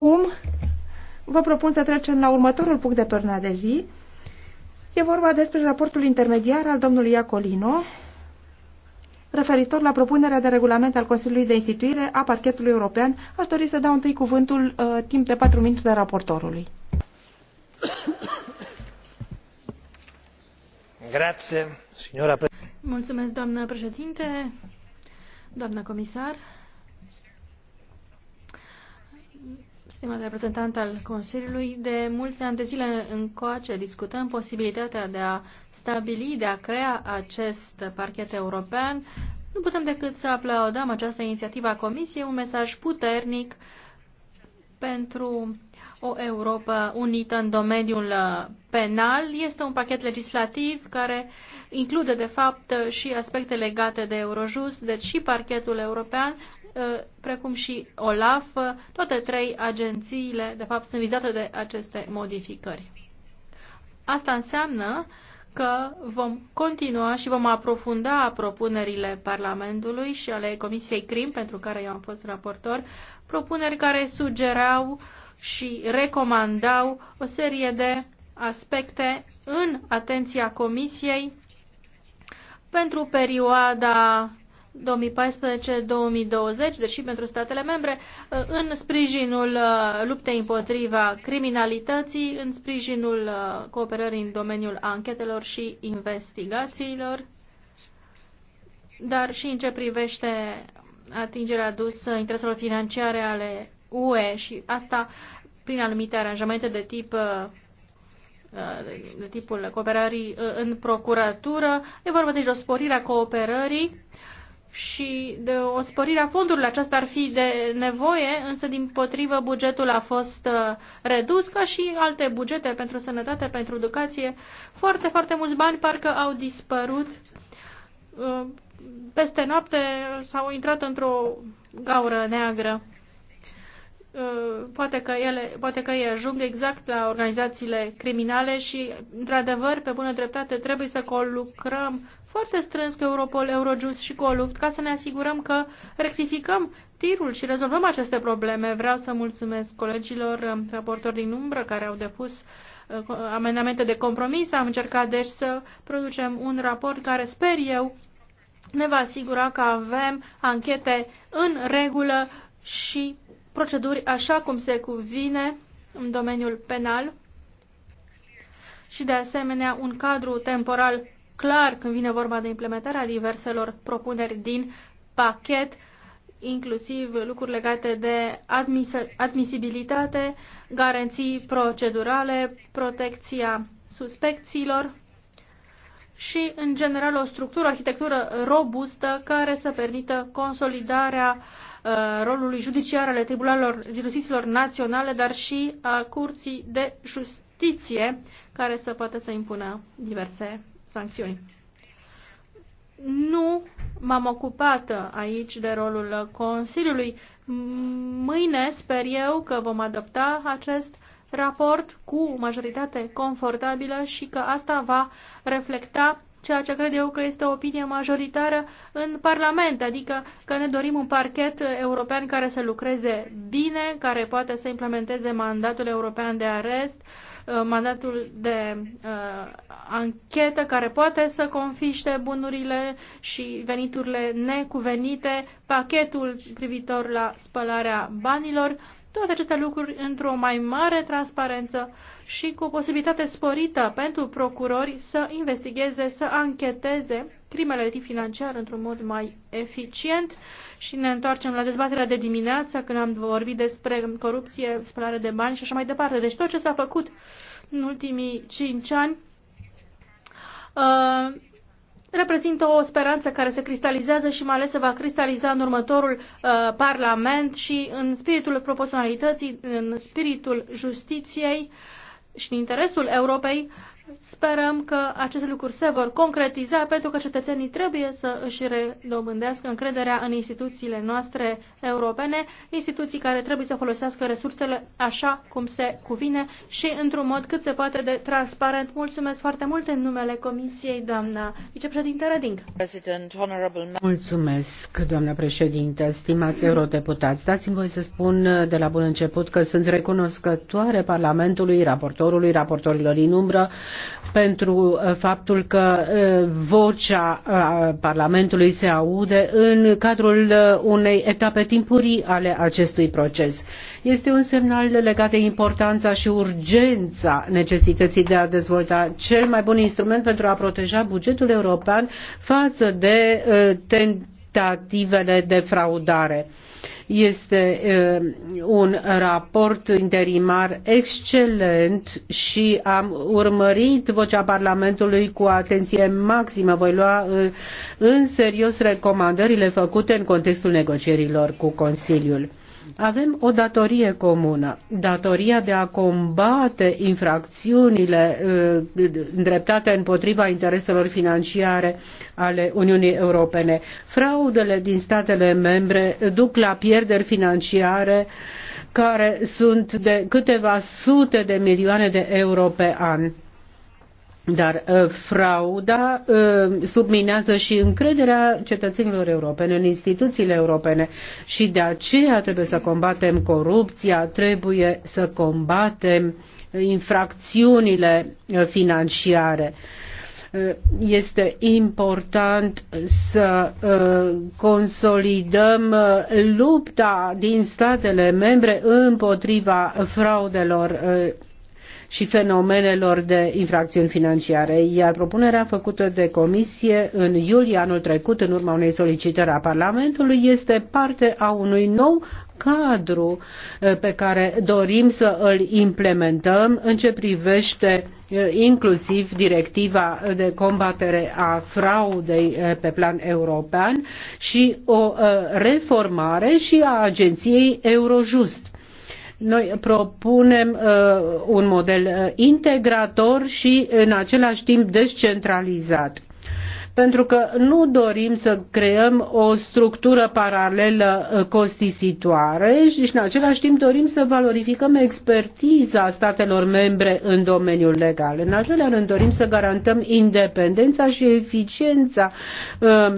Acum vă propun să trecem la următorul punct de pernă de zi. E vorba despre raportul intermediar al domnului Iacolino, referitor la propunerea de regulament al Consiliului de Instituire a Parchetului European. Aș dori să dau întâi cuvântul uh, timp de 4 minute raportorului. Grazie, signora Mulțumesc, doamnă președinte, doamnă comisar, Stimate reprezentant al Consiliului, de mulți ani de zile încoace discutăm posibilitatea de a stabili, de a crea acest parchet european. Nu putem decât să aplaudăm această inițiativă a Comisiei, un mesaj puternic pentru o Europa unită în domeniul penal. Este un pachet legislativ care include, de fapt, și aspecte legate de Eurojust, deci și parchetul european, Uh, precum și OLAF, uh, toate trei agențiile, de fapt, sunt vizate de aceste modificări. Asta înseamnă că vom continua și vom aprofunda propunerile Parlamentului și ale Comisiei CRIM, pentru care eu am fost raportor, propuneri care sugerau și recomandau o serie de aspecte în atenția Comisiei pentru perioada 2014-2020, deși pentru statele membre, uh, în sprijinul uh, luptei împotriva criminalității, în sprijinul uh, cooperării în domeniul anchetelor și investigațiilor, dar și în ce privește atingerea adusă intereselor financiare ale UE și asta prin anumite aranjamente de tip de tipul cooperării în procuratură. E vorba deci de o sporire a cooperării și de o sporire a fondurilor. Aceasta ar fi de nevoie, însă din potrivă bugetul a fost uh, redus, ca și alte bugete pentru sănătate, pentru educație. Foarte, foarte mulți bani parcă au dispărut uh, peste noapte s-au intrat într-o gaură neagră. Uh, poate că, ele, poate că ei ajung exact la organizațiile criminale și, într-adevăr, pe bună dreptate, trebuie să colucrăm foarte strâns cu Europol, Eurojust și Coluft ca să ne asigurăm că rectificăm tirul și rezolvăm aceste probleme. Vreau să mulțumesc colegilor um, raportori din umbră care au depus uh, amendamente de compromis. Am încercat deci să producem un raport care, sper eu, ne va asigura că avem anchete în regulă și proceduri așa cum se cuvine în domeniul penal și de asemenea un cadru temporal clar când vine vorba de implementarea diverselor propuneri din pachet, inclusiv lucruri legate de admis admisibilitate, garanții procedurale, protecția suspecțiilor și, în general, o structură, o arhitectură robustă care să permită consolidarea uh, rolului judiciar ale tribunalelor justițiilor naționale, dar și a curții de justiție, care să poată să impună diverse sancțiuni. Nu m-am ocupat aici de rolul Consiliului. Mâine sper eu că vom adopta acest raport cu majoritate confortabilă și că asta va reflecta ceea ce cred eu că este o opinie majoritară în Parlament, adică că ne dorim un parchet european care să lucreze bine, care poate să implementeze mandatul european de arest, uh, Uh, mandatul de uh, anchetă care poate să confiște bunurile și veniturile necuvenite, pachetul privitor la spălarea banilor, toate aceste lucruri într-o mai mare transparență și cu o posibilitate sporită pentru procurori să investigheze, să ancheteze crimele tip financiar într-un mod mai eficient și ne întoarcem la dezbaterea de dimineață când am vorbit despre corupție, spălare de bani și așa mai departe. Deci tot ce s-a făcut în ultimii cinci ani uh, reprezintă o speranță care se cristalizează și mai ales se va cristaliza în următorul uh, Parlament și în spiritul proporționalității, în spiritul justiției și în interesul Europei Sperăm că aceste lucruri se vor concretiza pentru că cetățenii trebuie să își redobândească încrederea în instituțiile noastre europene, instituții care trebuie să folosească resursele așa cum se cuvine și într-un mod cât se poate de transparent. Mulțumesc foarte mult în numele Comisiei, doamna vicepreședinte Reding. Mulțumesc, doamna președinte, stimați eurodeputați. Dați-mi voi să spun de la bun început că sunt recunoscătoare Parlamentului, raportorului, raportorilor din umbră, pentru uh, faptul că uh, vocea uh, Parlamentului se aude în cadrul unei etape timpurii ale acestui proces. Este un semnal legat de importanța și urgența necesității de a dezvolta cel mai bun instrument pentru a proteja bugetul european față de tentativele de fraudare. Este uh, un raport interimar excelent și am urmărit vocea Parlamentului cu atenție maximă. Voi lua uh, în serios recomandările făcute în contextul negocierilor cu Consiliul. Avem o datorie comună, datoria de a combate infracțiunile uh, îndreptate împotriva intereselor financiare ale Uniunii Europene. Fraudele din statele membre duc la pierderi financiare care sunt de câteva sute de milioane de euro pe an dar uh, frauda uh, subminează și încrederea cetățenilor europene în instituțiile europene și de aceea trebuie să combatem corupția, trebuie să combatem infracțiunile uh, financiare. Uh, este important să uh, consolidăm lupta din statele membre împotriva fraudelor și fenomenelor de infracțiuni financiare, iar propunerea făcută de comisie în iulie anul trecut, în urma unei solicitări a Parlamentului, este parte a unui nou cadru eh, pe care dorim să îl implementăm în ce privește eh, inclusiv directiva de combatere a fraudei eh, pe plan european și o reformare și a agenției Eurojust. Noi propunem uh, un model uh, integrator și în același timp descentralizat pentru că nu dorim să creăm o structură paralelă uh, costisitoare și în același timp dorim să valorificăm expertiza statelor membre în domeniul legal. În al doilea rând dorim să garantăm independența și eficiența uh,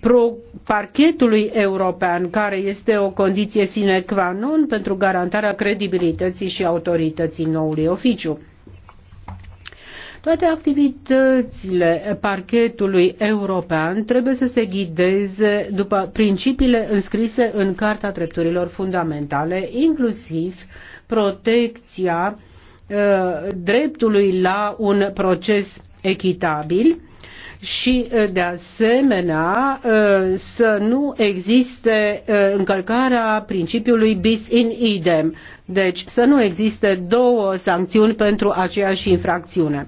pro parchetului european, care este o condiție sine qua non pentru garantarea credibilității și autorității noului oficiu. Toate activitățile parchetului european trebuie să se ghideze după principiile înscrise în Carta Drepturilor Fundamentale, inclusiv protecția uh, dreptului la un proces echitabil și de asemenea să nu existe încălcarea principiului bis in idem, deci să nu existe două sancțiuni pentru aceeași infracțiune.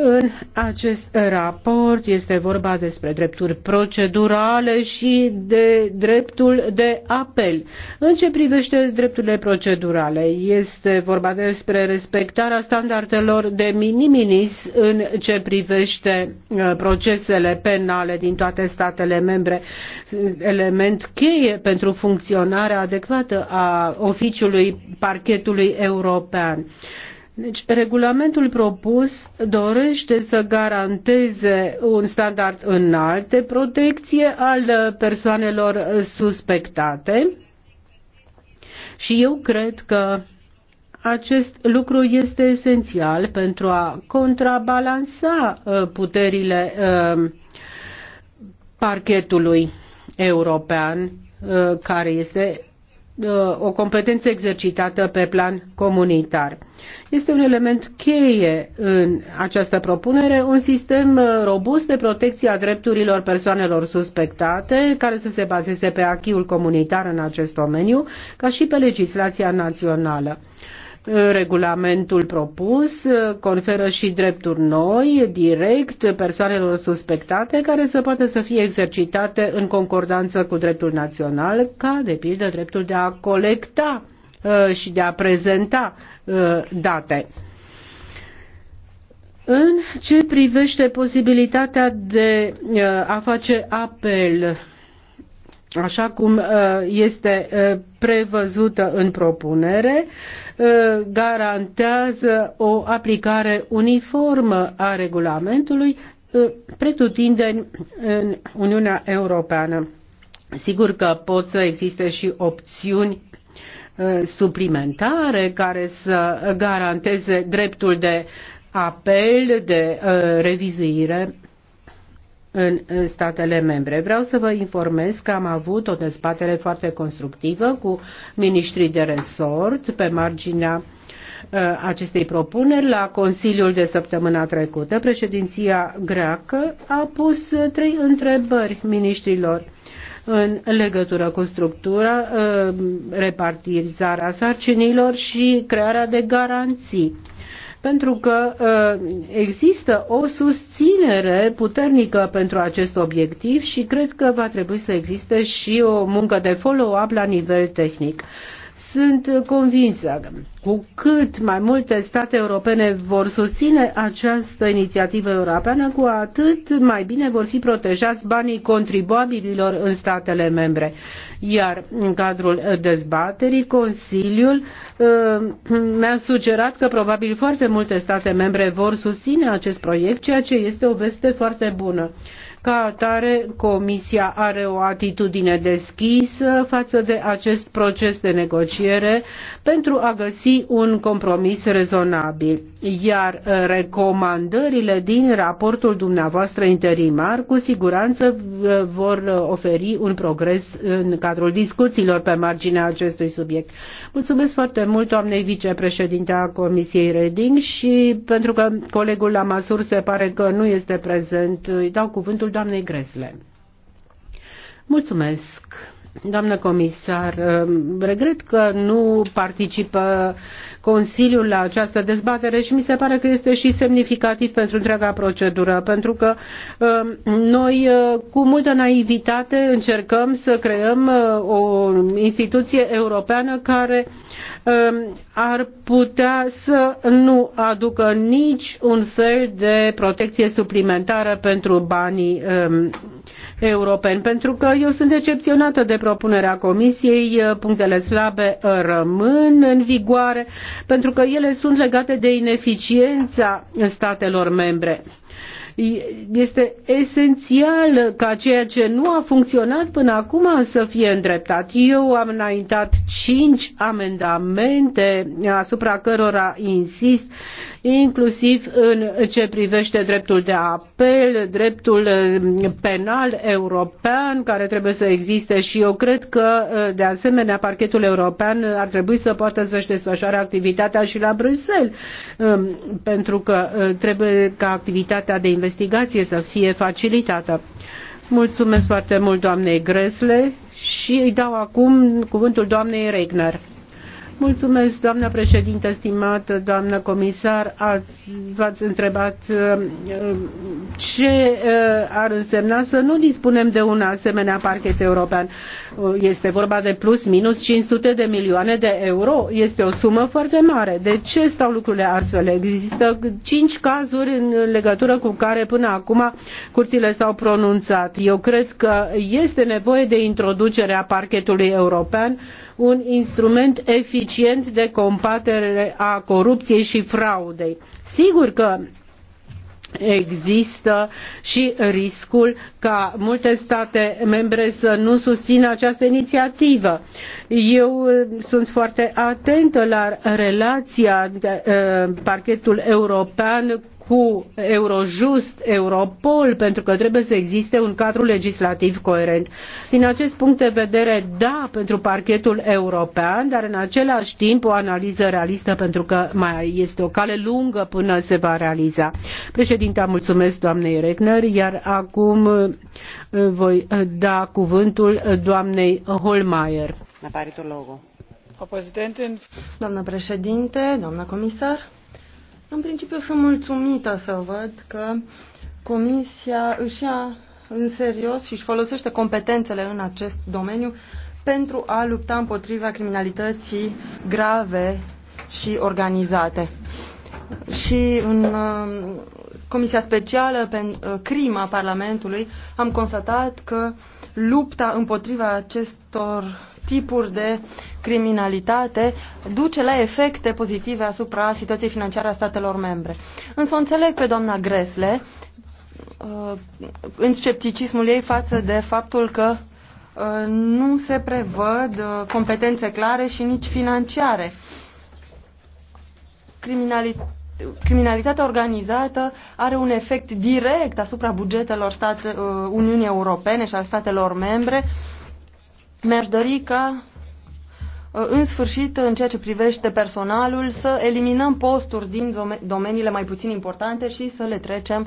În acest raport este vorba despre drepturi procedurale și de dreptul de apel. În ce privește drepturile procedurale, este vorba despre respectarea standardelor de minimis în ce privește uh, procesele penale din toate statele membre, element cheie pentru funcționarea adecvată a oficiului parchetului european deci, regulamentul propus dorește să garanteze un standard înalt de protecție al persoanelor suspectate și eu cred că acest lucru este esențial pentru a contrabalansa uh, puterile uh, parchetului european, uh, care este o competență exercitată pe plan comunitar. Este un element cheie în această propunere, un sistem uh, robust de protecție a drepturilor persoanelor suspectate, care să se bazeze pe achiul comunitar în acest domeniu, ca și pe legislația națională. Uh, regulamentul propus uh, conferă și drepturi noi, direct, persoanelor suspectate, care să poată să fie exercitate în concordanță cu dreptul național, ca, de pildă, dreptul de a colecta și de a prezenta Uh, date. În ce privește posibilitatea de uh, a face apel, așa cum uh, este prevăzută în propunere, garantează o aplicare uniformă a regulamentului pretutindeni în Uniunea Europeană. Sigur că pot să existe și opțiuni Uh, suplimentare care să garanteze dreptul de apel, de uh, revizuire în statele membre. Vreau să vă informez că am avut o dezbatere foarte constructivă cu ministrii de resort pe marginea uh, acestei propuneri la Consiliul de săptămâna trecută. Președinția greacă a pus trei întrebări ministrilor în legătură cu structura, ă, repartizarea sarcinilor și crearea de garanții. Pentru că ă, există o susținere puternică pentru acest obiectiv și cred că va trebui să existe și o muncă de follow-up la nivel tehnic. Sunt convinsă că cu cât mai multe state europene vor susține această inițiativă europeană, cu atât mai bine vor fi protejați banii contribuabililor în statele membre. Iar în cadrul dezbaterii, Consiliul uh, mi-a sugerat că probabil foarte multe state membre vor susține acest proiect, ceea ce este o veste foarte bună. Ca atare, Comisia are o atitudine deschisă față de acest proces de negociere pentru a găsi un compromis rezonabil. Iar recomandările din raportul dumneavoastră interimar cu siguranță vor oferi un progres în cadrul discuțiilor pe marginea acestui subiect. Mulțumesc foarte mult doamnei vicepreședinte a Comisiei Reding și pentru că colegul masur se pare că nu este prezent, îi dau cuvântul doamnei Gresle. Mulțumesc. Doamnă comisar, regret că nu participă Consiliul la această dezbatere și mi se pare că este și semnificativ pentru întreaga procedură, pentru că um, noi uh, cu multă naivitate încercăm să creăm uh, o instituție europeană care Um, ar putea să nu aducă nici un fel de protecție suplimentară pentru banii um, europeni, pentru că eu sunt decepționată de propunerea Comisiei, uh, punctele slabe uh, rămân în vigoare, pentru că ele sunt legate de ineficiența statelor membre. Este esențial ca ceea ce nu a funcționat până acum să fie îndreptat. Eu am înaintat cinci amendamente asupra cărora insist inclusiv în ce privește dreptul de apel, dreptul eh, penal european care trebuie să existe și eu cred că eh, de asemenea parchetul european ar trebui să poată să-și desfășoare activitatea și la Bruxelles eh, pentru că trebuie ca activitatea de investigație să fie facilitată. Mulțumesc foarte mult doamnei Gresle și îi dau acum cuvântul doamnei Regner. Mulțumesc, doamnă președinte, stimată doamnă comisar. Ați, v-ați întrebat uh, ce uh, ar însemna să nu dispunem de un asemenea parchet european. Uh, este vorba de plus minus 500 de milioane de euro. Este o sumă foarte mare. De ce stau lucrurile astfel? Există cinci cazuri în legătură cu care până acum curțile s-au pronunțat. Eu cred că este nevoie de introducerea parchetului european un instrument eficient de combatere a corupției și fraudei. Sigur că există și riscul ca multe state membre să nu susțină această inițiativă. Eu uh, sunt foarte atentă la relația de, uh, parchetul european cu Eurojust, Europol, pentru că trebuie să existe un cadru legislativ coerent. Din acest punct de vedere, da, pentru parchetul european, dar în același timp o analiză realistă, pentru că mai este o cale lungă până se va realiza. Președinte, mulțumesc doamnei Regner, iar acum uh, voi uh, da cuvântul doamnei Holmeier. Doamnă președinte, doamnă comisar, în principiu sunt mulțumită să văd că Comisia își ia în serios și își folosește competențele în acest domeniu pentru a lupta împotriva criminalității grave și organizate. Și în uh, Comisia Specială pentru uh, Crima Parlamentului am constatat că lupta împotriva acestor tipuri de criminalitate duce la efecte pozitive asupra situației financiare a statelor membre. Însă o înțeleg pe doamna Gresle uh, în scepticismul ei față de faptul că uh, nu se prevăd uh, competențe clare și nici financiare. Criminalitatea criminalitatea organizată are un efect direct asupra bugetelor state, Uniunii Europene și al statelor membre mi-aș dori ca, uh, în sfârșit, în ceea ce privește personalul, să eliminăm posturi din domeniile mai puțin importante și să le trecem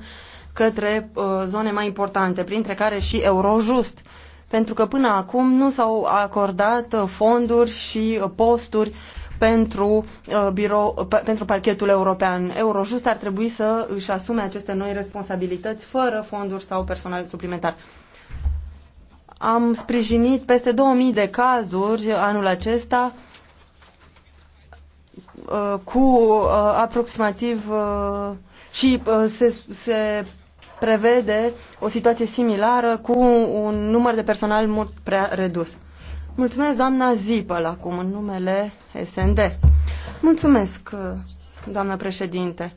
către uh, zone mai importante, printre care și Eurojust pentru că până acum nu s-au acordat uh, fonduri și posturi pentru, birou, pentru parchetul european. Eurojust ar trebui să își asume aceste noi responsabilități fără fonduri sau personal suplimentar. Am sprijinit peste 2000 de cazuri anul acesta uh, cu uh, aproximativ uh, și se, se prevede o situație similară cu un număr de personal mult prea redus. Mulțumesc, doamna Zipăl, acum, în numele SND. Mulțumesc, doamna președinte.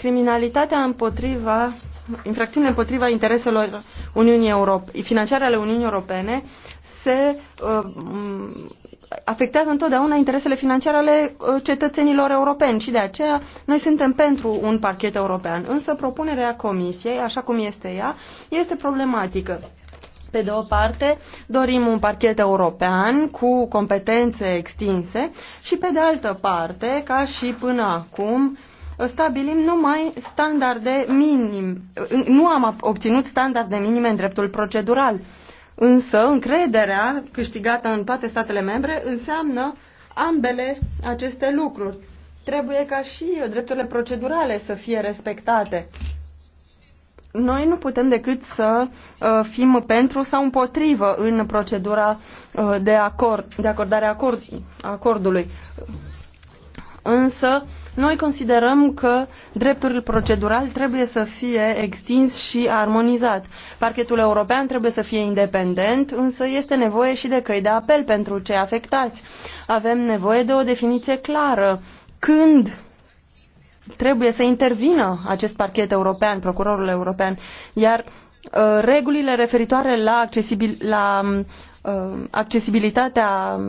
Criminalitatea împotriva, infracțiunile împotriva intereselor Uniunii Europe, financiare ale Uniunii Europene se uh, afectează întotdeauna interesele financiare ale uh, cetățenilor europeni și de aceea noi suntem pentru un parchet european. Însă propunerea Comisiei, așa cum este ea, este problematică. Pe de o parte, dorim un parchet european cu competențe extinse și pe de altă parte, ca și până acum, stabilim numai standarde minim. Nu am obținut standarde minime în dreptul procedural. Însă, încrederea câștigată în toate statele membre înseamnă ambele aceste lucruri. Trebuie ca și drepturile procedurale să fie respectate. Noi nu putem decât să uh, fim pentru sau împotrivă în procedura uh, de, acord, de acordare a acord, acordului. Însă, noi considerăm că dreptul procedural trebuie să fie extins și armonizat. Parchetul european trebuie să fie independent, însă este nevoie și de căi de apel pentru cei afectați. Avem nevoie de o definiție clară. Când trebuie să intervină acest parchet european, procurorul european, iar uh, regulile referitoare la, accesibil, la um, Uh, accesibilitatea,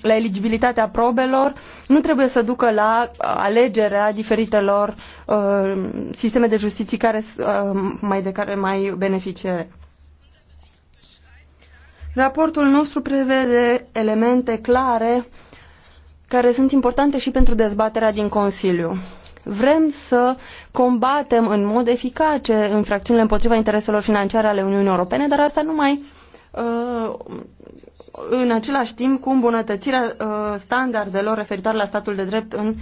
la eligibilitatea probelor nu trebuie să ducă la alegerea diferitelor uh, sisteme de justiție care, uh, mai, de care mai beneficiere. Raportul nostru prevede elemente clare care sunt importante și pentru dezbaterea din Consiliu. Vrem să combatem în mod eficace infracțiunile împotriva intereselor financiare ale Uniunii Europene, dar asta numai Uh, în același timp cu îmbunătățirea uh, standardelor referitoare la statul de drept în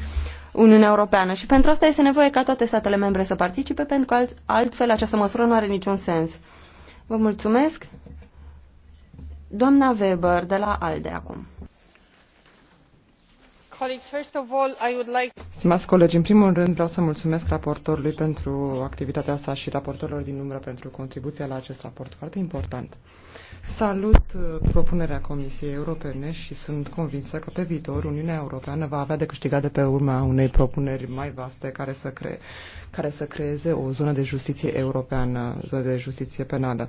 Uniunea Europeană. Și pentru asta este nevoie ca toate statele membre să participe, pentru că altfel această măsură nu are niciun sens. Vă mulțumesc. Doamna Weber, de la ALDE acum. Stimați colegi, în primul rând vreau să mulțumesc raportorului pentru activitatea sa și raportorilor din umbră pentru contribuția la acest raport foarte important. Salut uh, propunerea Comisiei Europene și sunt convinsă că pe viitor Uniunea Europeană va avea de câștigat de pe urma unei propuneri mai vaste care să, cre- care să creeze o zonă de justiție europeană, zonă de justiție penală.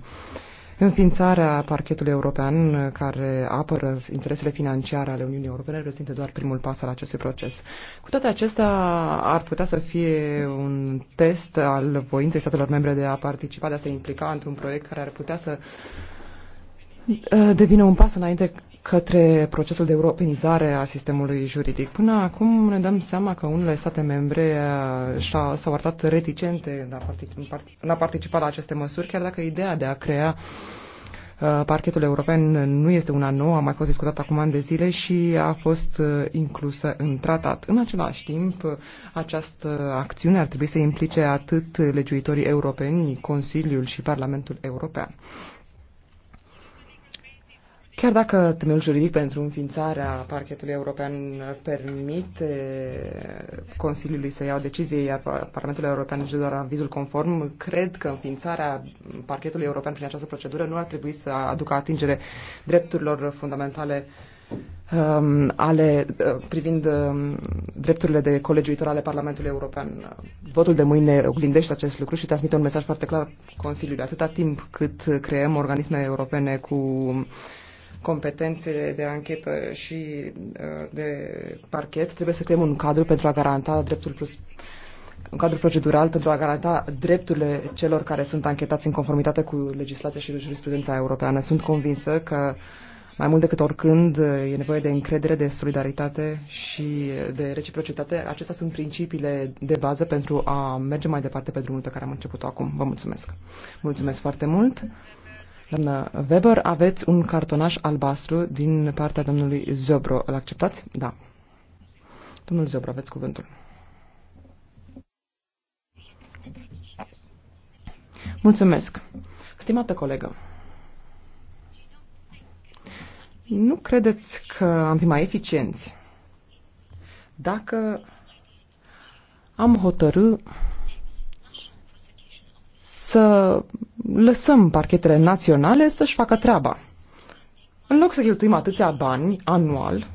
Înființarea parchetului european uh, care apără interesele financiare ale Uniunii Europene reprezintă doar primul pas al acestui proces. Cu toate acestea, ar putea să fie un test al voinței statelor membre de a participa, de a se implica într-un proiect care ar putea să Eh, devine un pas înainte către procesul de europenizare a sistemului juridic. Până acum ne dăm seama că unele state membre eh, s-au arătat reticente la, partic- la participa la aceste măsuri, chiar dacă ideea de a crea eh, parchetul european nu este una nouă, a mai fost discutat acum ani de zile și a fost inclusă în tratat. În același timp, această acțiune ar trebui să implice atât legiuitorii europeni, Consiliul și Parlamentul European. Chiar dacă temeiul juridic pentru înființarea parchetului european permite Consiliului să ia o decizie, iar Parlamentul European își doar avizul conform, cred că înființarea parchetului european prin această procedură nu ar trebui să aducă atingere drepturilor fundamentale um, ale, uh, privind um, drepturile de colegiuitor ale Parlamentului European. Votul de mâine oglindește acest lucru și transmite un mesaj foarte clar Consiliului. Atâta timp cât creăm organisme europene cu competențele de anchetă și uh, de parchet, trebuie să creăm un cadru pentru a garanta dreptul plus un cadru procedural pentru a garanta drepturile celor care sunt anchetați în conformitate cu legislația și jurisprudența europeană. Sunt convinsă că mai mult decât oricând e nevoie de încredere, de solidaritate și de reciprocitate. Acestea sunt principiile de bază pentru a merge mai departe pe drumul pe care am început-o acum. Vă mulțumesc! Mulțumesc foarte mult! Doamna Weber, aveți un cartonaș albastru din partea domnului Zobro. Îl acceptați? Da. Domnul Zobro, aveți cuvântul. Mulțumesc. Stimată colegă, nu credeți că am fi mai eficienți dacă am hotărât să lăsăm parchetele naționale să-și facă treaba. În loc să cheltuim atâția bani anual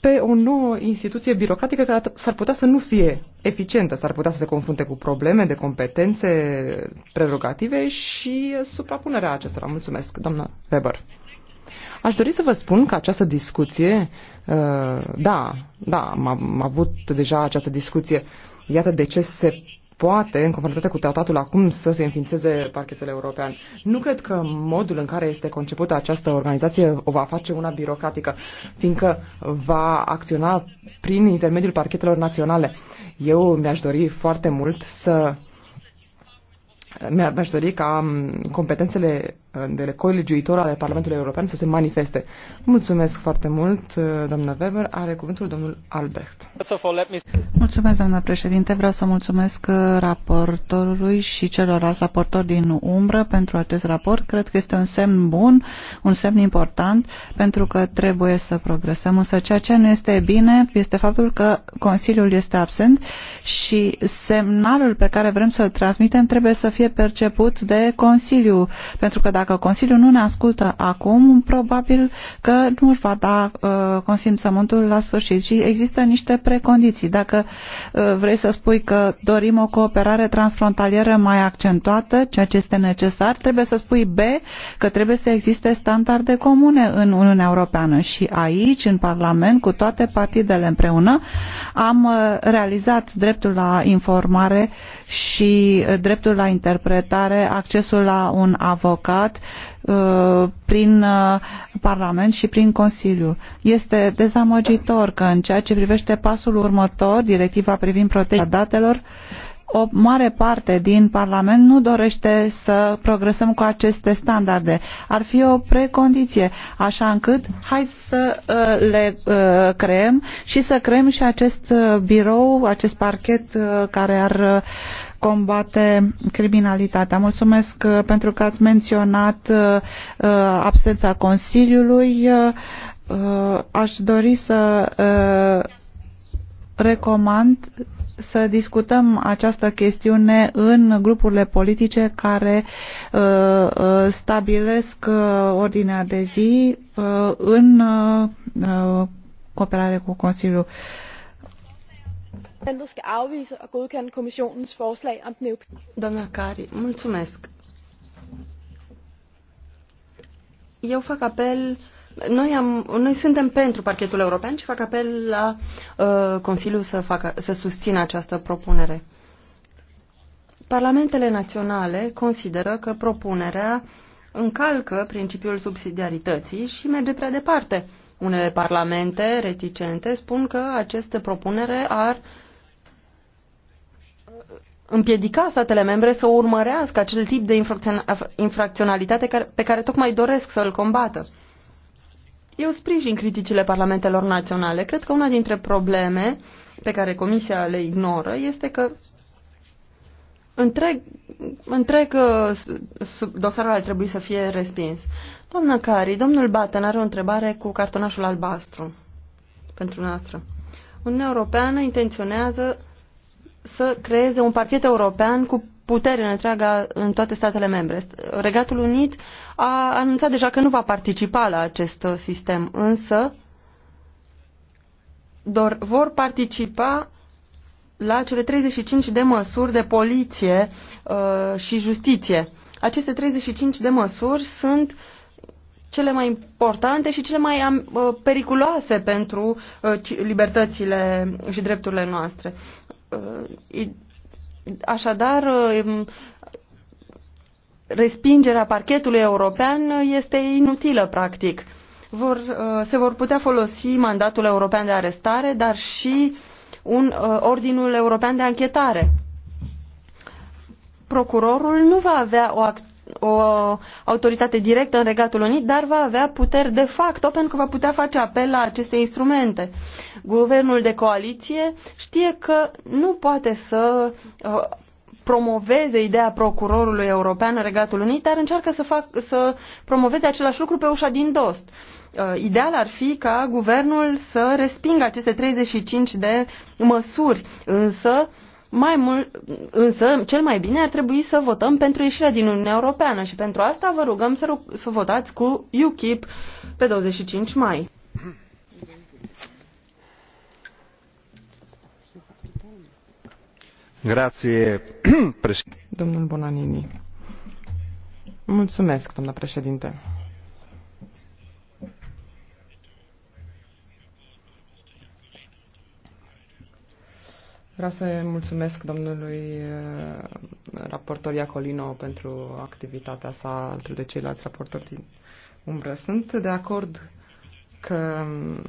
pe o nouă instituție birocratică care s-ar putea să nu fie eficientă, s-ar putea să se confrunte cu probleme de competențe, prerogative și suprapunerea acestora. Mulțumesc, doamna Weber. Aș dori să vă spun că această discuție, uh, da, da, am avut deja această discuție, iată de ce se poate, în conformitate cu tratatul acum, să se înființeze parchetul european. Nu cred că modul în care este concepută această organizație o va face una birocratică, fiindcă va acționa prin intermediul parchetelor naționale. Eu mi-aș dori foarte mult să mi-aș dori ca um, competențele de colegiuitor ale Parlamentului European să se manifeste. Mulțumesc foarte mult, doamna Weber. Are cuvântul domnul Albrecht. Mulțumesc, doamna președinte. Vreau să mulțumesc uh, raportorului și celorlalți raportori din umbră pentru acest raport. Cred că este un semn bun, un semn important, pentru că trebuie să progresăm. Însă ceea ce nu este bine este faptul că Consiliul este absent și semnalul pe care vrem să-l transmitem trebuie să fie perceput de Consiliu, pentru că dacă Consiliul nu ne ascultă acum, probabil că nu își va da uh, consimțământul la sfârșit și există niște precondiții. Dacă uh, vrei să spui că dorim o cooperare transfrontalieră mai accentuată, ceea ce este necesar, trebuie să spui B, că trebuie să existe standarde comune în Uniunea Europeană și aici, în Parlament, cu toate partidele împreună, am uh, realizat dreptul la informare uh, și uh, dreptul la interpretare, accesul la un avocat uh, prin uh, Parlament și prin Consiliu. Este dezamăgitor că în ceea ce privește pasul următor, directiva privind protecția datelor, o mare parte din Parlament nu dorește să progresăm cu aceste standarde. Ar fi o precondiție, așa încât hai să uh, le uh, creăm și să creăm și acest uh, birou, acest parchet care ar combate criminalitatea. Mulțumesc pentru că ați menționat absența Consiliului. Aș dori să recomand să discutăm această chestiune în grupurile politice care uh, uh stabilesc uh, ordinea de zi uh, în uh, uh cooperare cu Consiliul. Doamna Cari, mulțumesc. Eu fac apel uh, noi, am, noi suntem pentru parchetul european și fac apel la uh, Consiliu să, facă, să susțină această propunere. Parlamentele naționale consideră că propunerea încalcă principiul subsidiarității și merge prea departe. Unele parlamente reticente spun că această propunere ar împiedica statele membre să urmărească acel tip de infracționalitate pe care tocmai doresc să îl combată. Eu sprijin criticile parlamentelor naționale. Cred că una dintre probleme pe care Comisia le ignoră este că întreg, întreg uh, dosarul ar trebui să fie respins. Doamnă Cari, domnul Batten are o întrebare cu cartonașul albastru pentru noastră. Uniunea Europeană intenționează să creeze un parchet european cu puteri în, întreaga, în toate statele membre. Regatul Unit a anunțat deja că nu va participa la acest sistem, însă dor, vor participa la cele 35 de măsuri de poliție uh, și justiție. Aceste 35 de măsuri sunt cele mai importante și cele mai uh, periculoase pentru uh, libertățile și drepturile noastre. Uh, Așadar, um, respingerea parchetului european este inutilă, practic. Vor, uh, se vor putea folosi mandatul european de arestare, dar și un, uh, ordinul european de anchetare. Procurorul nu va avea o, o autoritate directă în Regatul Unit, dar va avea puteri de facto pentru că va putea face apel la aceste instrumente. Guvernul de coaliție știe că nu poate să uh, promoveze ideea procurorului european în Regatul Unit, dar încearcă să, fac, să promoveze același lucru pe ușa din dost. Uh, ideal ar fi ca guvernul să respingă aceste 35 de măsuri, însă uh, mai mult, însă, cel mai bine ar trebui să votăm pentru ieșirea din Uniunea Europeană și pentru asta vă rugăm să, rug, să votați cu UKIP pe 25 mai. Grație, președinte. Domnul Bonanini. Mulțumesc, doamna președinte. Vreau să mulțumesc domnului uh, raportor Iacolino pentru activitatea sa alături de ceilalți raportori din umbră. Sunt de acord că um,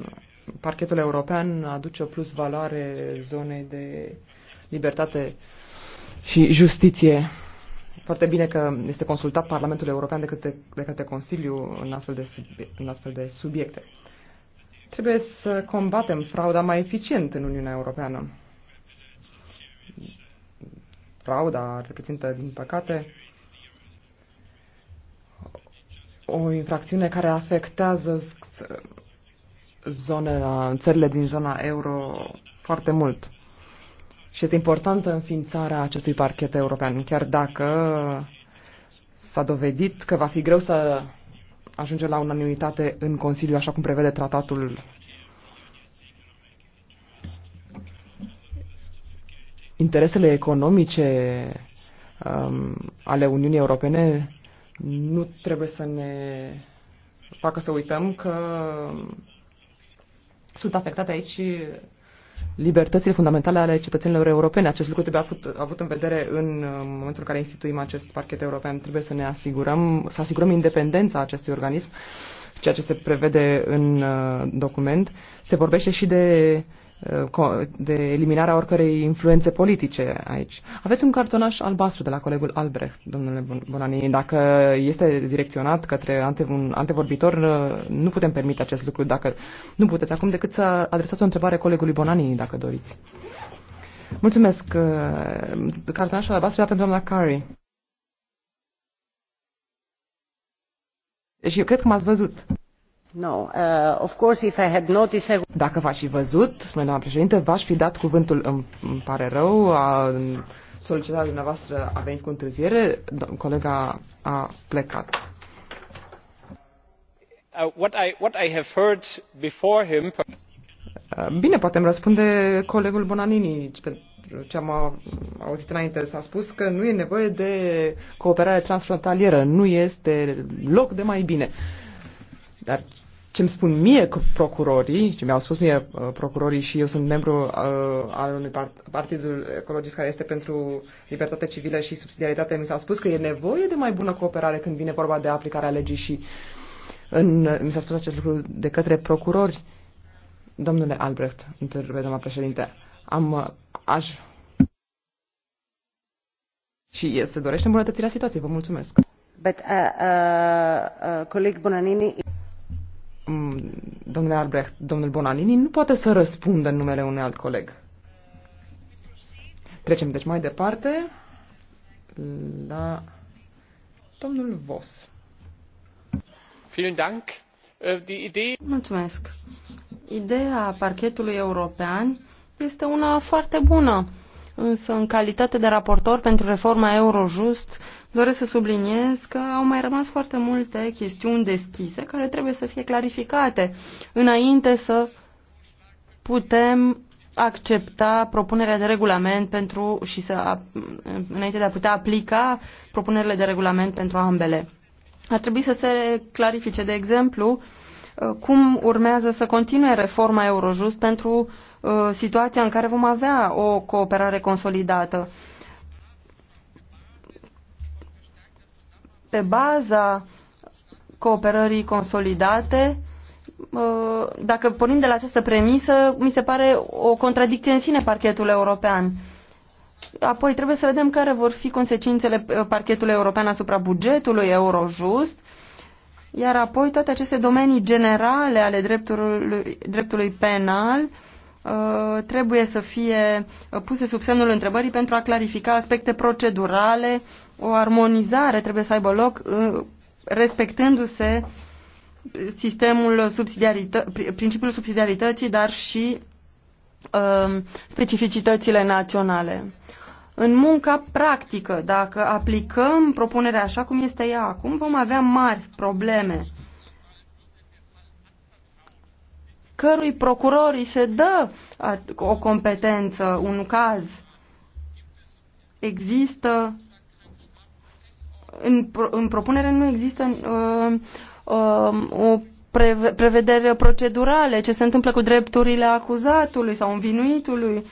parchetul european aduce o plus valoare zonei de libertate și justiție. Foarte bine că este consultat Parlamentul European de către, de către Consiliu în astfel de, subie, în astfel de subiecte. Trebuie să combatem frauda mai eficient în Uniunea Europeană frauda reprezintă, din păcate, o infracțiune care afectează zonele, țările din zona euro foarte mult. Și este importantă înființarea acestui parchet european, chiar dacă s-a dovedit că va fi greu să ajunge la unanimitate în Consiliu, așa cum prevede tratatul interesele economice um, ale Uniunii Europene nu trebuie să ne facă să uităm că sunt afectate aici libertățile fundamentale ale cetățenilor europene. Acest lucru trebuie avut, avut în vedere în um, momentul în care instituim acest parchet european. Trebuie să ne asigurăm, să asigurăm independența acestui organism, ceea ce se prevede în uh, document. Se vorbește și de Uh, de eliminarea oricărei influențe politice aici. Aveți un cartonaș albastru de la colegul Albrecht, domnule Bonani. Dacă este direcționat către ante, un antevorbitor, uh, nu putem permite acest lucru. Dacă nu puteți acum decât să adresați o întrebare colegului Bonani, dacă doriți. Mulțumesc. Uh, cartonașul albastru era pentru doamna Curry. Și deci eu cred că m-ați văzut. No, uh, of course, if I had noticed, I... Dacă v-aș fi văzut, spune doamna președinte, v-aș fi dat cuvântul, îmi, îmi pare rău, a, solicitat dumneavoastră a venit cu întârziere, colega a plecat. Uh, what I, what I have heard before him... Uh, bine, poate îmi răspunde colegul Bonanini pentru ce am uh, auzit înainte. S-a spus că nu e nevoie de cooperare transfrontalieră, nu este loc de mai bine. Dar ce îmi spun mie procurorii, ce mi-au spus mie uh, procurorii și eu sunt membru uh, al unui part, partidul ecologist care este pentru libertate civilă și subsidiaritate, mi s-a spus că e nevoie de mai bună cooperare când vine vorba de aplicarea legii și în, mi s-a spus acest lucru de către procurori. Domnule Albrecht, întrebe doamna președinte, am, uh, aș... Și se dorește îmbunătățirea situației. Vă mulțumesc. But, uh, uh, uh, coleg Bunanini... Mm, domnule Albrecht, domnul Bonanini nu poate să răspundă în numele unui alt coleg. Trecem deci mai departe la domnul Vos. Äh, Mulțumesc. Ideea parchetului european este una foarte bună însă în calitate de raportor pentru reforma Eurojust doresc să subliniez că au mai rămas foarte multe chestiuni deschise care trebuie să fie clarificate înainte să putem accepta propunerea de regulament pentru și să înainte de a putea aplica propunerile de regulament pentru ambele. Ar trebui să se clarifice, de exemplu, cum urmează să continue reforma Eurojust pentru Uh, situația în care vom avea o cooperare consolidată. Pe baza cooperării consolidate, uh, dacă pornim de la această premisă, mi se pare o contradicție în sine parchetul european. Apoi trebuie să vedem care vor fi consecințele uh, parchetului european asupra bugetului Eurojust, iar apoi toate aceste domenii generale ale dreptului, dreptului penal uh, Uh, trebuie să fie uh, puse sub semnul întrebării pentru a clarifica aspecte procedurale, o armonizare trebuie să aibă loc uh, respectându-se sistemul subsidiarită, principiul subsidiarității, dar și specificitățile naționale. În munca practică, dacă aplicăm propunerea așa cum este ea acum, vom avea mari probleme cărui procurorii se dă o competență, un caz. Există în, în propunere nu există uh, uh, o preve, prevedere procedurale, ce se întâmplă cu drepturile acuzatului sau învinuitului.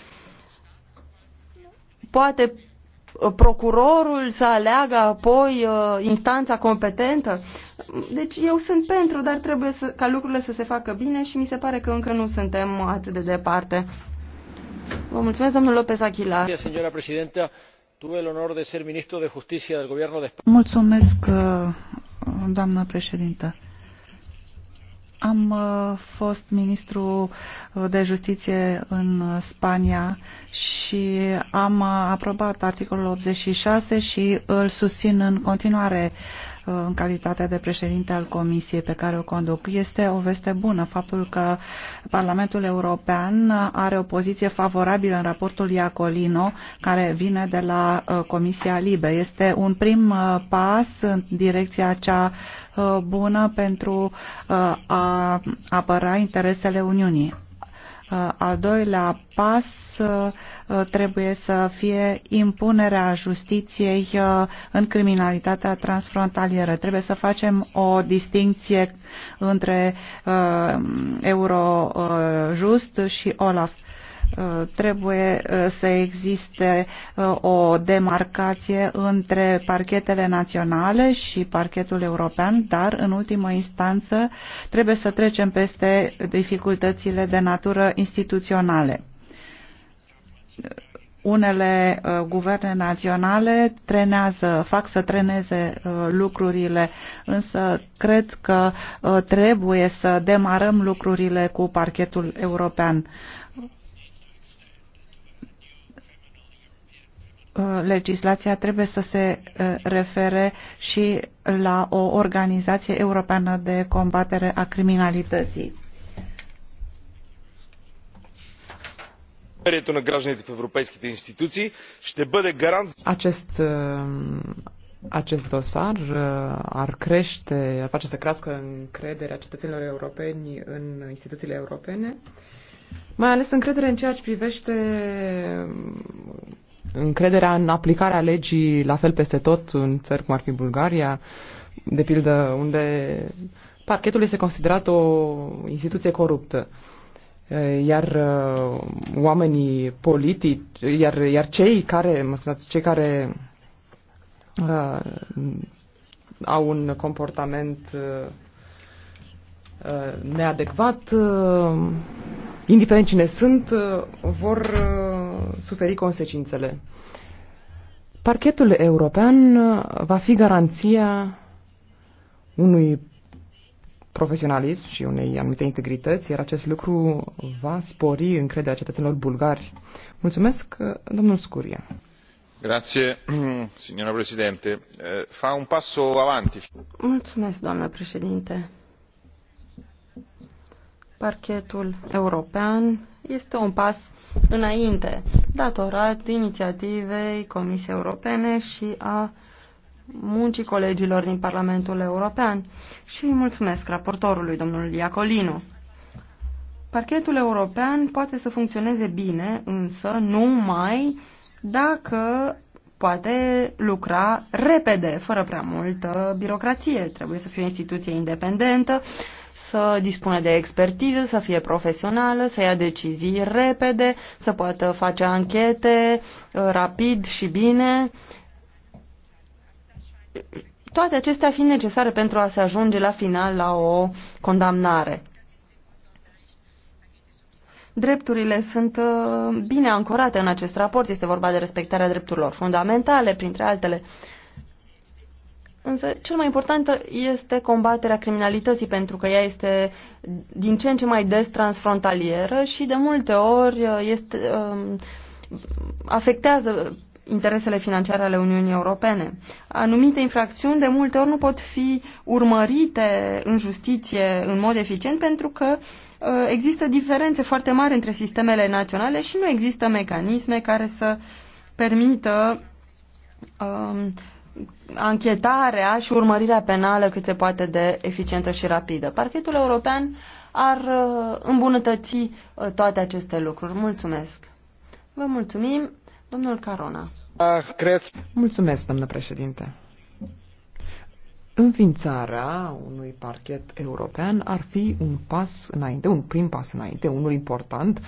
Poate procurorul să aleagă apoi uh, instanța competentă. Deci eu sunt pentru, dar trebuie să, ca lucrurile să se facă bine și mi se pare că încă nu suntem atât de departe. Vă mulțumesc, domnul López Aguilar. el de de de Mulțumesc, uh, doamnă președintă. Am uh, fost ministru de justiție în Spania și am uh, aprobat articolul 86 și îl susțin în continuare Uh, în calitate de președinte al comisiei pe care o conduc. Este o veste bună faptul că Parlamentul European are o poziție favorabilă în raportul Iacolino care vine de la uh, Comisia Libe. Este un prim uh, pas în direcția cea bună pentru a apăra interesele Uniunii. Uh, al doilea pas uh, uh, trebuie să fie impunerea justiției în criminalitatea transfrontalieră. Trebuie să facem o distinție între Eurojust și Olaf Uh, trebuie uh, să existe uh, o demarcație între parchetele naționale și parchetul european, dar în ultimă instanță trebuie să trecem peste dificultățile de natură instituționale. Unele uh, guverne naționale trenează, fac să treneze uh, lucrurile, însă cred că uh, trebuie să demarăm lucrurile cu parchetul european Uh, legislația trebuie să se uh, refere și la o organizație europeană de combatere a criminalității. доверието на гражданите в европейските институции ще бъде гарант. Acest, uh, acest dosar ar crește, ar face să crească încrederea cetățenilor europeni în instituțiile europene, mai ales încredere în ceea ce privește încrederea în aplicarea legii la fel peste tot în țări cum ar fi Bulgaria, de pildă unde parchetul este considerat o instituție coruptă. Iar uh, oamenii politici, iar, iar cei care, mă scuzați, cei care uh, au un comportament uh, uh neadecvat, uh, indiferent cine sunt, vor suferi consecințele. Parchetul european uh, va fi garanția unui profesionalism și unei anumite integrități, iar acest lucru va spori încrederea cetățenilor bulgari. Mulțumesc, uh, domnul Scuria. Grazie, signora președinte. Eh, fa un passo avanti. Mulțumesc, doamnă președinte. Parchetul european este un pas înainte, datorat inițiativei Comisiei Europene și a muncii colegilor din Parlamentul European și îi mulțumesc raportorului, domnul Iacolino. Parchetul european poate să funcționeze bine, însă numai dacă poate lucra repede, fără prea multă birocrație. Trebuie să fie o instituție independentă, să dispună de expertiză, să fie profesională, să ia decizii repede, să poată face anchete uh, rapid și bine. Toate acestea fiind necesare pentru a se ajunge la final la o condamnare. Drepturile sunt uh, bine ancorate în acest raport. Este vorba de respectarea drepturilor fundamentale, printre altele Însă, cel mai important este combaterea criminalității, pentru că ea este din ce în ce mai des transfrontalieră și de multe ori este, um, afectează interesele financiare ale Uniunii Europene. Anumite infracțiuni de multe ori nu pot fi urmărite în justiție în mod eficient pentru că uh, există diferențe foarte mari între sistemele naționale și nu există mecanisme care să permită um, anchetarea și urmărirea penală cât se poate de eficientă și rapidă. Parchetul european ar uh, îmbunătăți uh, toate aceste lucruri. Mulțumesc. Vă mulțumim, domnul Carona. Ah, Cred. Mulțumesc, domnule președinte. Înființarea unui parchet european ar fi un pas înainte, un prim pas înainte, unul important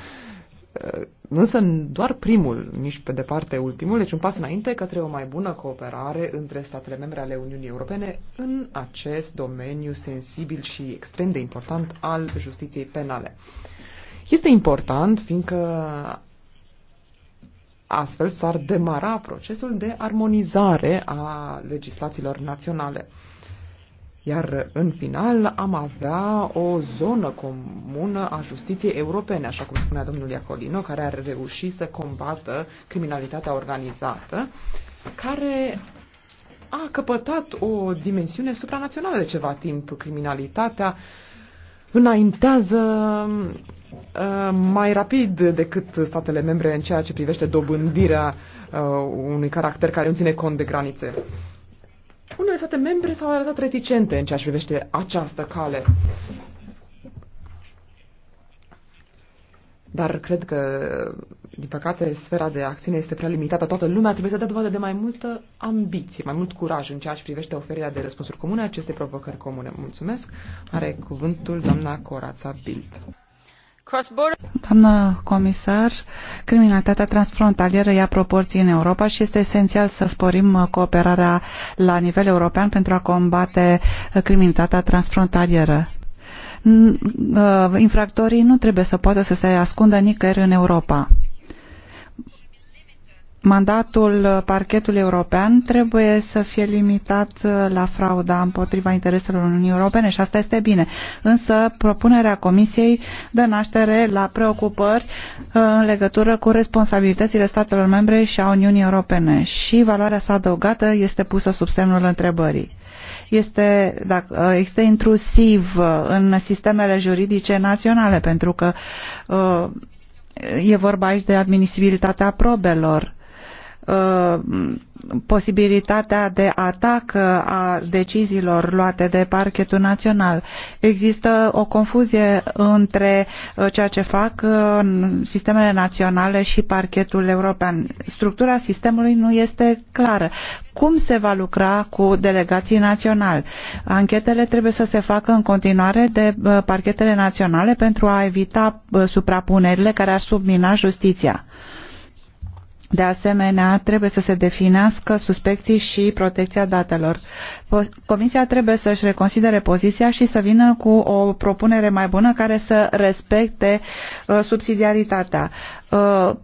Uh, însă doar primul, nici pe departe ultimul, deci un pas înainte către o mai bună cooperare între statele membre ale Uniunii Europene în acest domeniu sensibil și extrem de important al justiției penale. Este important fiindcă astfel s-ar demara procesul de armonizare a legislațiilor naționale. Iar în final am avea o zonă comună a justiției europene, așa cum spunea domnul Iacolino, care ar reuși să combată criminalitatea organizată, care a căpătat o dimensiune supranațională de ceva timp. Criminalitatea înaintează uh, mai rapid decât statele membre în ceea ce privește dobândirea uh, unui caracter care nu ține cont de granițe. Unele state membre s-au arătat reticente în ceea ce privește această cale. Dar cred că, din păcate, sfera de acțiune este prea limitată. Toată lumea trebuie să dea dovadă de mai multă ambiție, mai mult curaj în ceea ce privește oferirea de răspunsuri comune aceste provocări comune. Mulțumesc. Are cuvântul doamna Corața Bild. Doamnă comisar, criminalitatea transfrontalieră ia proporții în Europa și este esențial să sporim uh, cooperarea la nivel european pentru a combate uh, criminalitatea transfrontalieră. Uh, infractorii nu trebuie să poată să se ascundă nicăieri în Europa mandatul parchetului european trebuie să fie limitat uh, la frauda împotriva intereselor Uniunii Europene și asta este bine. Însă propunerea Comisiei dă naștere la preocupări uh, în legătură cu responsabilitățile statelor membre și a Uniunii Europene și valoarea sa adăugată este pusă sub semnul întrebării este, dacă, uh, este intrusiv în sistemele juridice naționale, pentru că e vorba aici de admisibilitatea probelor. Uh, posibilitatea de atac uh, a deciziilor luate de parchetul național. Există o confuzie între uh, ceea ce fac sistemele naționale și parchetul european. Structura sistemului nu este clară. Cum se va lucra cu delegații naționale? Anchetele trebuie să se facă în continuare de parchetele naționale pentru a evita suprapunerile care ar submina justiția de asemenea, trebuie să se definească suspecții și protecția datelor. Comisia trebuie să-și reconsidere poziția și să vină cu o propunere mai bună care să respecte uh, subsidiaritatea. Uh,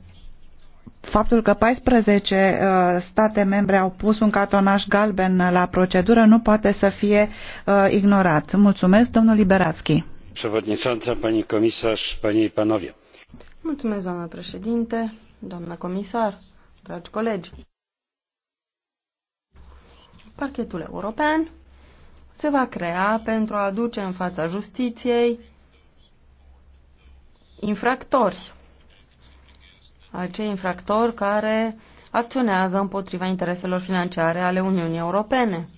faptul că 14 uh, state membre au pus un catonaș galben la procedură nu poate să fie uh, ignorat. Mulțumesc, domnul Liberațchi. Przewodnicząca, pani komisarz, panie Mulțumesc, doamnă președinte, doamnă comisar, dragi colegi. Parchetul european se va crea pentru a aduce în fața justiției infractori, acei infractori care acționează împotriva intereselor financiare ale Uniunii Europene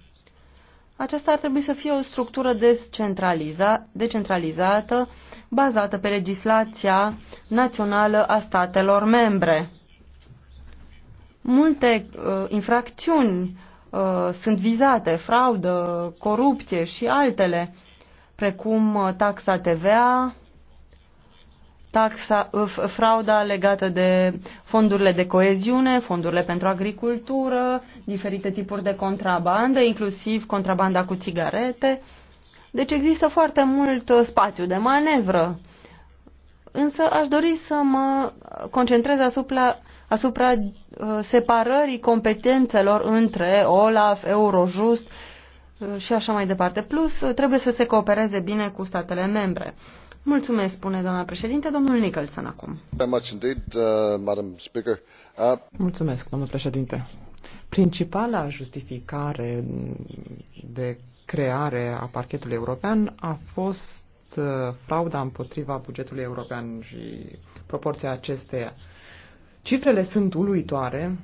aceasta ar trebui să fie o structură decentralizată, bazată pe legislația națională a statelor membre. Multe uh, infracțiuni uh, sunt vizate, fraudă, corupție și altele, precum uh, taxa TVA, taxa, frauda legată de fondurile de coeziune, fondurile pentru agricultură, diferite tipuri de contrabandă, inclusiv contrabanda cu țigarete. Deci există foarte mult uh, spațiu de manevră. Însă aș dori să mă concentrez asupra, asupra uh, separării competențelor între OLAF, Eurojust uh, și așa mai departe. Plus, trebuie să se coopereze bine cu statele membre. Mulțumesc, spune doamna președinte. Domnul Nicholson acum. Uh, uh, Mulțumesc, domnul președinte. Principala justificare de creare a parchetului european a fost uh, frauda împotriva bugetului european și proporția acesteia. Cifrele sunt uluitoare.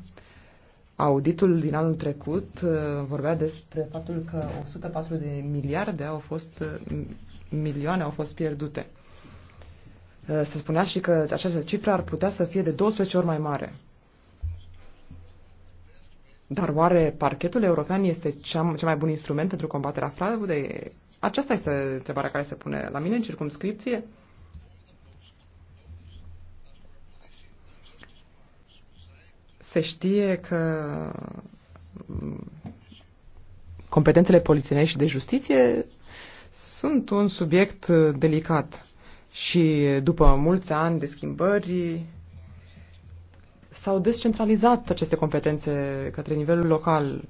Auditul din anul trecut vorbea despre faptul că 104 de miliarde au fost milioane au fost pierdute. Eh, se spunea și că această cifră ar putea să fie de 12 ori mai mare. Dar oare parchetul european este cea, cel mai bun instrument pentru combaterea fraudei? Aceasta este întrebarea care se pune la mine în circumscripție. Se știe că mm, competențele polițienești de justiție sunt un subiect uh, delicat și după mulți ani de schimbări s-au descentralizat aceste competențe către nivelul local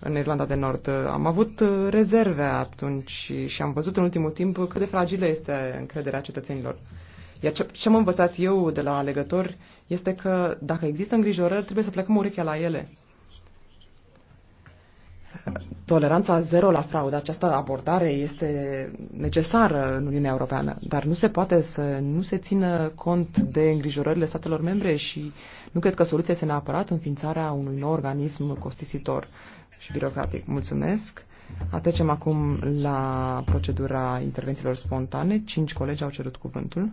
în Irlanda de Nord. Am avut uh, rezerve atunci și am văzut în ultimul timp cât de fragilă este încrederea cetățenilor. Iar ce, ce am învățat eu de la alegători este că dacă există îngrijorări, trebuie să plecăm urechea la ele toleranța zero la fraudă. Această abordare este necesară în Uniunea Europeană, dar nu se poate să nu se țină cont de îngrijorările statelor membre și nu cred că soluția este neapărat înființarea unui nou organism costisitor și birocratic. Mulțumesc! A trecem acum la procedura intervențiilor spontane. Cinci colegi au cerut cuvântul.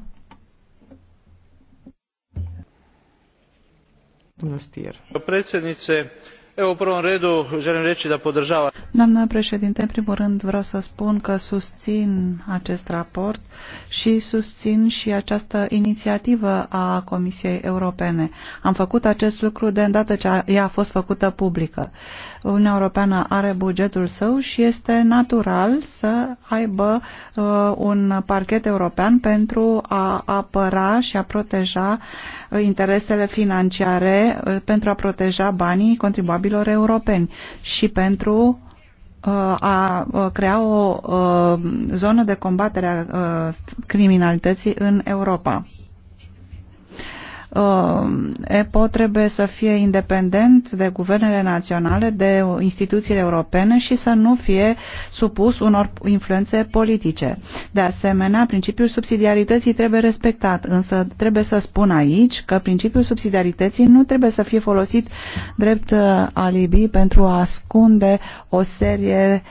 Domnul Stier. Da Doamnă președinte, în primul rând vreau să spun că susțin acest raport și susțin și această inițiativă a Comisiei Europene. Am făcut acest lucru de îndată ce ea a fost făcută publică. Uniunea Europeană are bugetul său și este natural să aibă uh, un parchet european pentru a apăra și a proteja uh, interesele financiare, uh, pentru a proteja banii contribuabilor europeni și pentru a crea o zonă de combatere a criminalității în Europa. Um, EPO trebuie să fie independent de guvernele naționale, de instituțiile europene și să nu fie supus unor influențe politice. De asemenea, principiul subsidiarității trebuie respectat, însă trebuie să spun aici că principiul subsidiarității nu trebuie să fie folosit drept uh, alibi pentru a ascunde o serie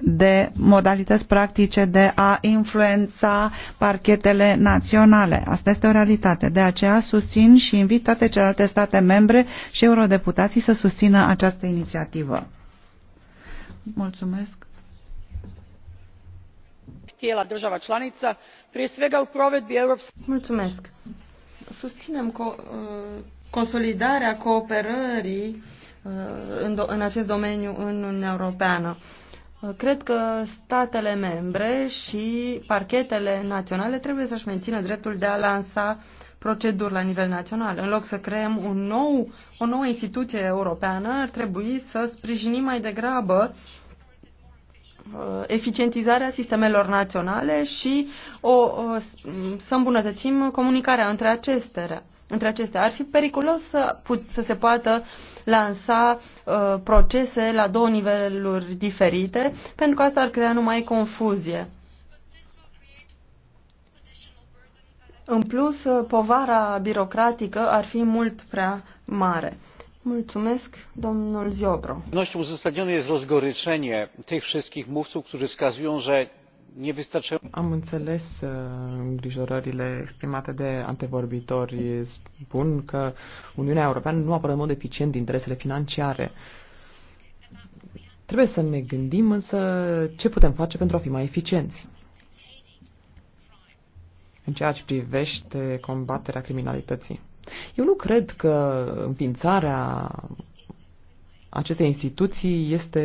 de modalități practice de a influența parchetele naționale. Asta este o realitate. De aceea susțin și invit toate celelalte state membre și eurodeputații să susțină această inițiativă. Mulțumesc. Tijela država članica, prije svega u provedbi europske... Mulțumesc. Susținem co- uh, consolidarea cooperării uh, în, do- în acest domeniu în Uniunea Europeană Uh, cred că statele membre și parchetele naționale trebuie să-și mențină dreptul de a lansa proceduri la nivel național. În loc să creăm un nou, o nouă instituție europeană, ar trebui să sprijinim mai degrabă uh, eficientizarea sistemelor naționale și o, să îmbunătățim comunicarea între acestea între acestea. Ar fi periculos să, put, să se poată lansa uh, procese la două niveluri diferite, pentru că asta ar crea numai confuzie. În plus, uh, povara birocratică ar fi mult prea mare. Mulțumesc, domnul Ziobro. știu, uzasadnione este rozgoryczenie tăi wszystkich mówców, care wskazują, că am înțeles uh, îngrijorările exprimate de antevorbitori. Spun că Uniunea Europeană nu apără în mod eficient interesele financiare. Trebuie să ne gândim însă ce putem face pentru a fi mai eficienți. În ceea ce privește combaterea criminalității. Eu nu cred că înființarea aceste instituții este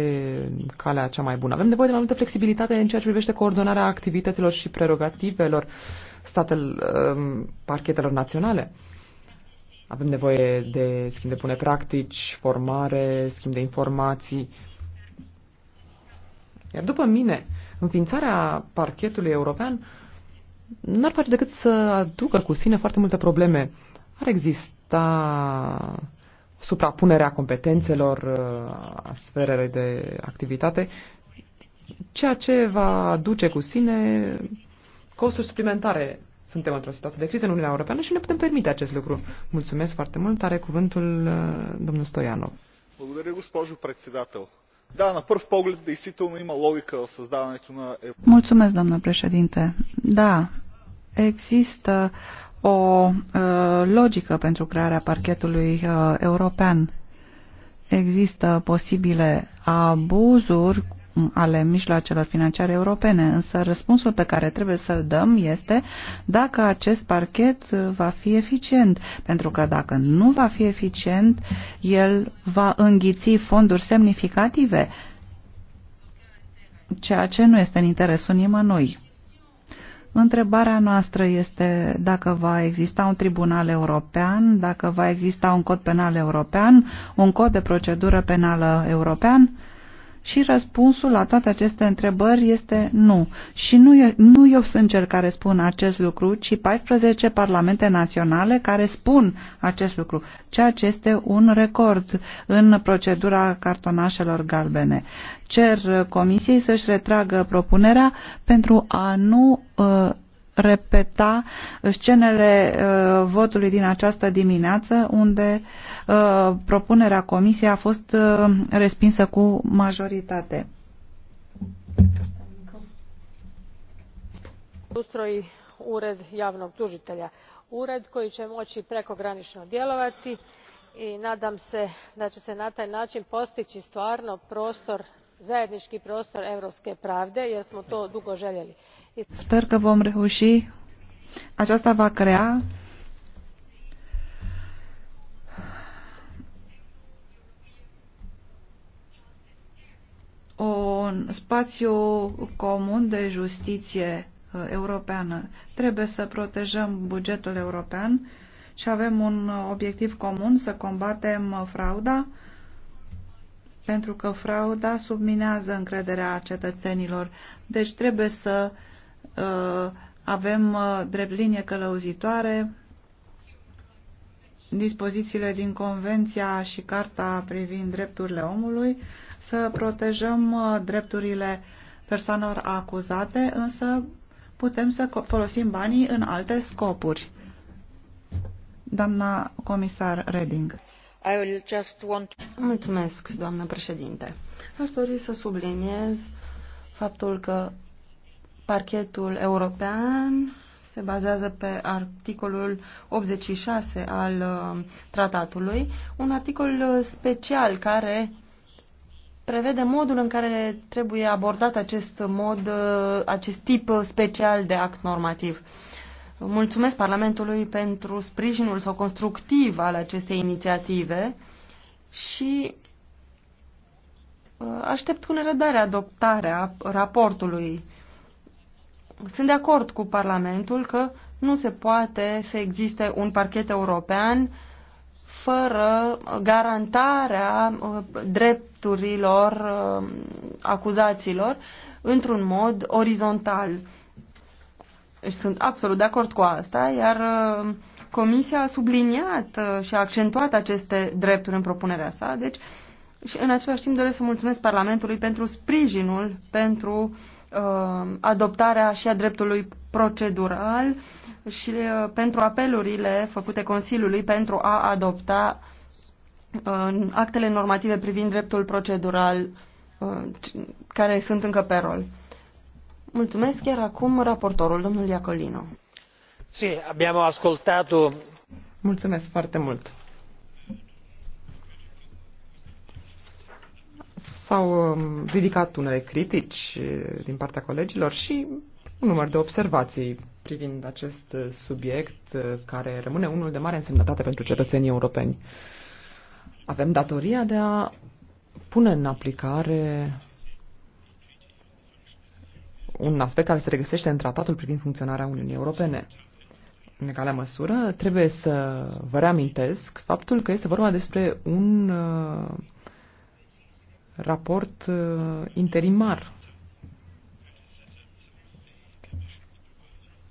calea cea mai bună. Avem nevoie de mai multă flexibilitate în ceea ce privește coordonarea activităților și prerogativelor statel, um, parchetelor naționale. Avem nevoie de schimb de pune practici, formare, schimb de informații. Iar după mine, înființarea parchetului european n-ar face decât să aducă cu sine foarte multe probleme. Ar exista suprapunerea competențelor uh, a sferele de activitate, ceea ce va duce cu sine costuri suplimentare. Suntem într-o situație de criză în Uniunea Europeană și ne putem permite acest lucru. Mulțumesc foarte mult. Are cuvântul uh, domnul Stoianov. Da, Mulțumesc, domnule președinte. Da, există o uh, logică pentru crearea parchetului uh, european. Există posibile abuzuri mm, ale mijloacelor financiare europene, însă răspunsul pe care trebuie să-l dăm este dacă acest parchet uh, va fi eficient, pentru că dacă nu va fi eficient, el va înghiți fonduri semnificative, ceea ce nu este în interesul nimănui. Întrebarea noastră este dacă va exista un tribunal european, dacă va exista un cod penal european, un cod de procedură penală european și răspunsul la toate aceste întrebări este nu. Și nu eu, nu eu sunt cel care spun acest lucru, ci 14 parlamente naționale care spun acest lucru, ceea ce este un record în procedura cartonașelor galbene. Cer Comisiei să-și retragă propunerea pentru a nu uh, repeta scenele uh, votului din această dimineață, unde uh, propunerea comisiei a fost uh, respinsă cu majoritate. Ustroj ured javnog tužitelja. Ured koji će moći prekogranično djelovati i nadam se da će se na taj način postići stvarno prostor zajednički prostor europske pravde jer smo to dugo željeli. Sper că vom reuși. Aceasta va crea un spațiu comun de justiție uh, europeană. Trebuie să protejăm bugetul european și avem un uh, obiectiv comun să combatem uh, frauda pentru că frauda subminează încrederea cetățenilor. Deci trebuie să uh, Uh, avem uh, drept linie călăuzitoare dispozițiile din Convenția și Carta privind drepturile omului, să protejăm uh, drepturile persoanelor acuzate, însă putem să folosim banii în alte scopuri. Doamna comisar Reding. I will just want... Mulțumesc, doamnă președinte. Aș dori să subliniez faptul că Parchetul european se bazează pe articolul 86 al uh, tratatului, un articol uh, special care prevede modul în care trebuie abordat acest mod, uh, acest tip special de act normativ. Mulțumesc Parlamentului pentru sprijinul sau constructiv al acestei inițiative și aștept cu nerăbdare adoptarea raportului sunt de acord cu Parlamentul că nu se poate să existe un parchet european fără garantarea uh, drepturilor uh, acuzaților într-un mod orizontal. Deci sunt absolut de acord cu asta, iar uh, Comisia a subliniat și a accentuat aceste drepturi în propunerea sa, deci și în același timp doresc să mulțumesc Parlamentului pentru sprijinul pentru uh, Uh, adoptarea și a dreptului procedural și uh, pentru apelurile făcute Consiliului pentru a adopta uh, actele normative privind dreptul procedural care sunt încă pe rol. Mulțumesc chiar acum raportorul, domnul Iacolino. Sì, abbiamo ascoltato. Mulțumesc foarte mult. S-au um, ridicat unele critici uh, din partea colegilor și un număr de observații privind acest uh, subiect uh, care rămâne unul de mare însemnătate pentru cetățenii europeni. Avem datoria de a pune în aplicare un aspect care se regăsește în tratatul privind funcționarea Uniunii Europene. În egală măsură, trebuie să vă reamintesc faptul că este vorba despre un raport uh, interimar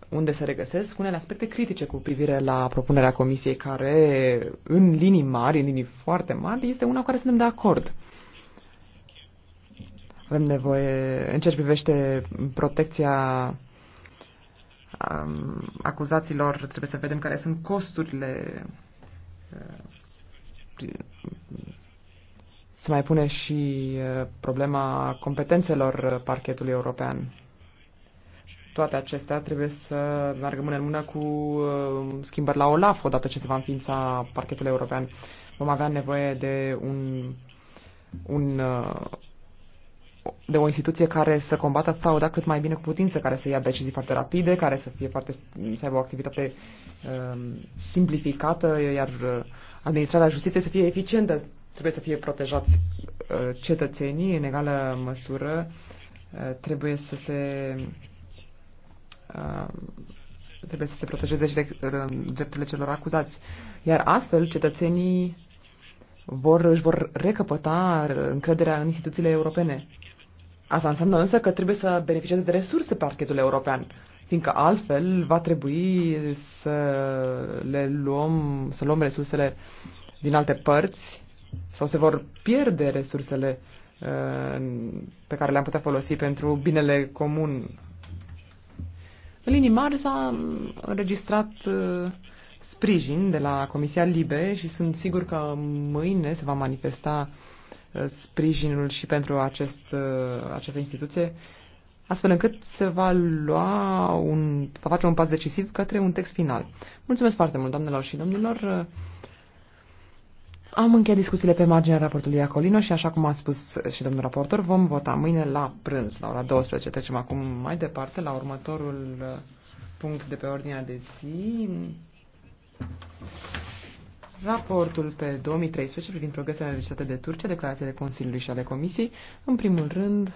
unde se regăsesc unele aspecte critice cu privire la propunerea comisiei care, în linii mari, în linii foarte mari, este una cu care suntem de acord. Avem nevoie, în ceea ce privește protecția um, acuzaților, trebuie să vedem care sunt costurile uh, se mai pune și uh, problema competențelor parchetului european. Toate acestea trebuie să meargă mână în mână cu uh, schimbări la OLAF odată ce se va înființa parchetul european. Vom avea nevoie de un, un uh, de o instituție care să combată frauda cât mai bine cu putință, care să ia decizii foarte rapide, care să fie foarte, să aibă o activitate uh, simplificată, iar administrarea justiției să fie eficientă, Trebuie să fie protejați uh, cetățenii în egală măsură. Uh, trebuie să se uh, trebuie să se protejeze și de drepturile celor acuzați. Iar astfel, cetățenii vor, își vor recăpăta încrederea în instituțiile europene. Asta înseamnă însă că trebuie să beneficieze de resurse parchetul european, fiindcă altfel va trebui să le luăm, să luăm resursele din alte părți sau se vor pierde resursele uh, pe care le-am putea folosi pentru binele comun. În linii mari s-a înregistrat uh, sprijin de la Comisia Libe și sunt sigur că mâine se va manifesta uh, sprijinul și pentru acest, această instituție, astfel încât se va lua un, va face un pas decisiv către un text final. Mulțumesc foarte mult, doamnelor și domnilor. Am încheiat discuțiile pe marginea raportului Iacolino și, așa cum a spus și domnul raportor, vom vota mâine la prânz, la ora 12. Trecem acum mai departe la următorul uh, punct de pe ordinea de zi. Raportul pe 2013 privind progresele registrate de Turcia, declarațiile Consiliului și ale Comisiei, în primul rând